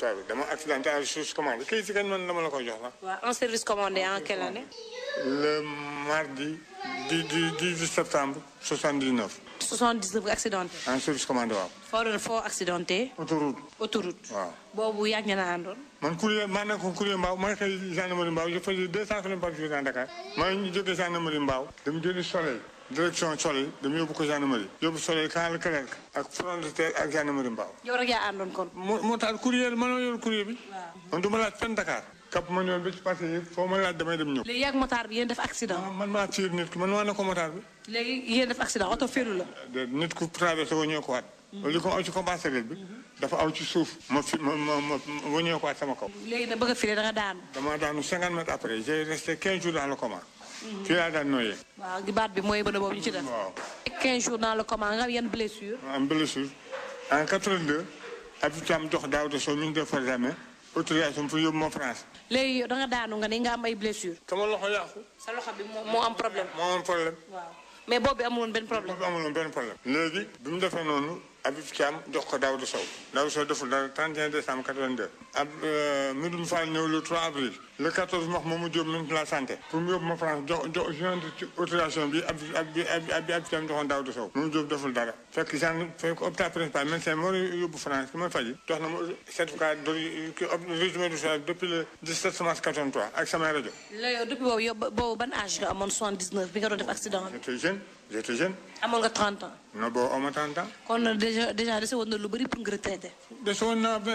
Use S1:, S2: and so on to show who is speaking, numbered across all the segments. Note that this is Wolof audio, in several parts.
S1: ça dama accidenté en service commandé kayit si kañ man dama la koy jox
S2: la. en service commandé en quelle année.
S1: le mardi du du 18 septembre 79.
S2: 79 accidenté.
S1: en service commandé waaw.
S2: Fort accidenté. autoroute. autoroute. waaw boobu yàgg na àndoon.
S1: man courrier maa nekkoon courrier Mbao ma xëy gendarmerie je faisais 200 kilomètres par jour dans Dakar. Man ñu jógee gendarmerie mbaw dem jëli soleil. direction Soley dama yóbbu ko gendarmerie yóbbu Soley Kaal Kader ak frontière ak gendarmerie Mbaaw. yow rek yaa àndoon kon. moo moo man ma laaj fenn bi ci ma laaj ah, ne ko motaar bi.
S2: léegi yéen def accident oto fiiru la.
S1: Ah, nit ku traversé woo ko waat. Mm-hmm. li ko aw ci compassé bi. dafa aw ci suuf ma fi ma ma ma wëññeekuwaat sama kaw.
S2: léegi nag bëgg a firé da daanu.
S1: damaa daanu cinquante mètres après j'ai resté quinze jours dans le coma. ci laa daan noyee.
S2: waaw baat bi mooy bële boobu ñu ci def. waaw 15 jours dans am yan blessure.
S1: am blessure en 82 Habib Thiam jox Daouda Sow ñu ngi def examen autorisation pour yóbbu ma France.
S2: léegi yow da nga daanu nga ni nga am ay blessures.
S1: sama sa
S2: loxo bi moo am problème. moo am problème. mais boobu bi amul benn problème.
S1: léegi bi mu defee noonu. Habib Thiam jox ko Daouda Sow Daouda Sow deful dara 31 décembre 82. ab euh, Medoune Fall ñëw le 3 avril. le 14 mars Mamadou Diop ministre de la santé. pour mu yóbbu ma France jox jox ci autorisation bi ab ab ab bi Habib Thiam joxoon Daouda Sow. Mamadou Diop deful dara. fekk genre fekk hôpital principal c'est mo yóbbu France ki ma faji jox na ma certificat de ki résumé du service depuis le 17 mars 83 ak sama radio
S2: le yo depuis boobu yow boobu ban âge nga amone 79 bi nga do def accident bi. j'étais jeune j'étais jeune. amone nga 30 ans.
S1: non bo amoon 30 ans.
S2: kon déjà déjà dese woon na lu bëri pour
S1: naa ba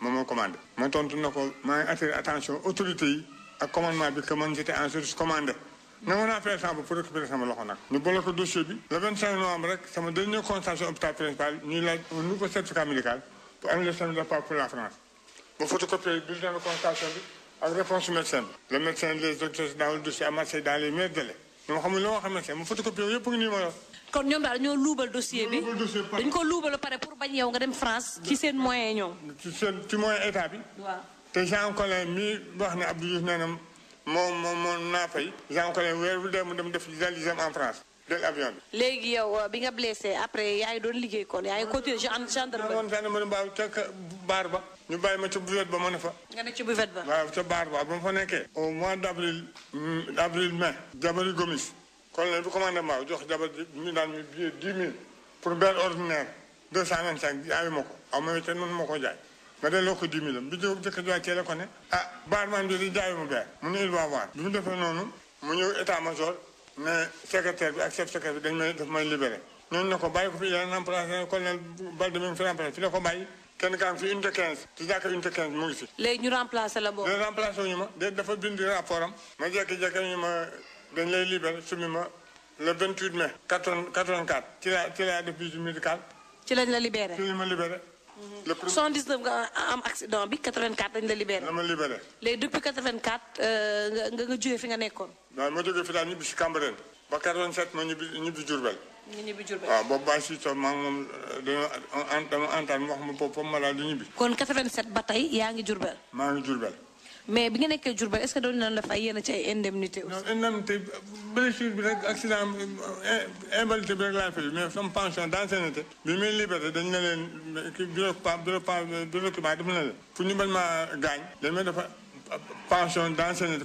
S1: moom moo commandé ma tontu na ko maa ngi attiré attention autorité yi ak commandement bi que man j'étais en service commandé na ma naa faire pour récupérer sama loxo nag ñu ko dossier bi le 25 novembre rek sama dernier constatation hôpital principal ñuy laaj un nouveau certificat médical pour annuler sama départ pour la France ba photocopier bulletin de constatation bi ak réponse médecin le médecin les docteurs dans le dossier à Marseille dans les meilleurs délais ñoom xamuñ loo ma xam ne kay ma photocopie yëpp ngi nii ma kon ñoom daal ñoo luubal dossier bi dañ ko luubal
S2: pare pour bañ yow nga dem France ci seen moyen ñoom.
S1: ci seen ci moyen état bi. waaw te Jean Collin mii wax ne Abdou Diouf nee na moom moom moom naa fay. Jean Collin weer bu mu dem def réalisme en France. jël avion bi.
S2: léegi yow euh, bi nga blessé après yaa ngi doon liggéey kon yaa ngi continué
S1: a baaw ca baar ba. ñu ne fa. nga ne ca buvette ba. waaw ca baar ba ba ma fa nekkee. au mois d' avril mm, avril mai. jabari gomis colonel bi commandement jox jabar ñu daan mi pour benn ordinaire deux cent vingt cinq jaayu ma ko aw ma weteen man ma ko jaay nga delloo ko dix mille bi jëw jëkk jaay tee ko ne ah baar maa ngi di jaayu ma beer mu ne il va voir bi mu defee noonu mu ñëw état major mais secrétaire bi ak chef secrétaire bi dañ may daf may libéré. ñooñu ne ko bàyyi ko fi yeneen remplacé colonel Balde mi ngi fi remplacé fi la ko bàyyi kenn kaa ngi fi unité 15 ci jàkka unité 15 mu ngi si.
S2: léegi ñu remplacé
S1: la boobu. léegi remplacé wu ñu ma déedéet dafa bind rapport am. ma jékki-jékki ñu ma dañ lay libéré sumi ma le 28 mai. 84 ci la ci la def visite médicale. ci lañ la libéré ci lañ ma libéré. Mhm.
S2: le premier 79 nga am accident bi 84 dañ la libéré. dama libéré. léegi depuis 84 euh, nga nga jógee fi nga nekkoon.
S1: Ben ɓe fitani yimɓe sikambaren bakkat on satma ñibbi jurbel waaw boobu Baye Cissé maa ngi moom dañoo dañoo antaan wax ma boobu foofu ma laal di ñibbi.
S2: kon 87 ba tey yaa ngi Jurbel. maa ngi Jurbel. mais bi nga nekkee Jurbel est-ce que doon nañ la fay yenn ci ay indemnité aussi. non
S1: indemnité blessure bi rek accident invalidité bi rek laay fay mais sama pension d'ancienneté. bi muy liberté dañ ne leen kii bureau bureau bureau climat def na leen. pour ñu bañ maa gaañ. dañ may dafa pension d'ancienneté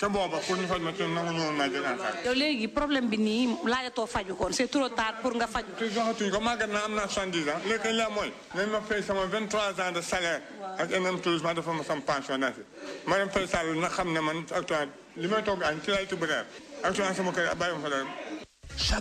S1: te booba pour ñu faj ma ci nangu ñëwoon naa jël en charge.
S2: yow léegi problème bi nii laajatoo faju ko
S1: c'est trop tard pour nga faju. te joxatuñ ko màggat naa am naa soixante-dix ans léegi kañ laa mooy. nañ ma fay sama vingt-trois ans de salaire. ak énorme tourisme dafa ma sam pensionnaire ma dem fay Sall na xam ne man actuellement li may togg añ ci laay tibb reer actuellement sama kër bàyyi ma fa dara.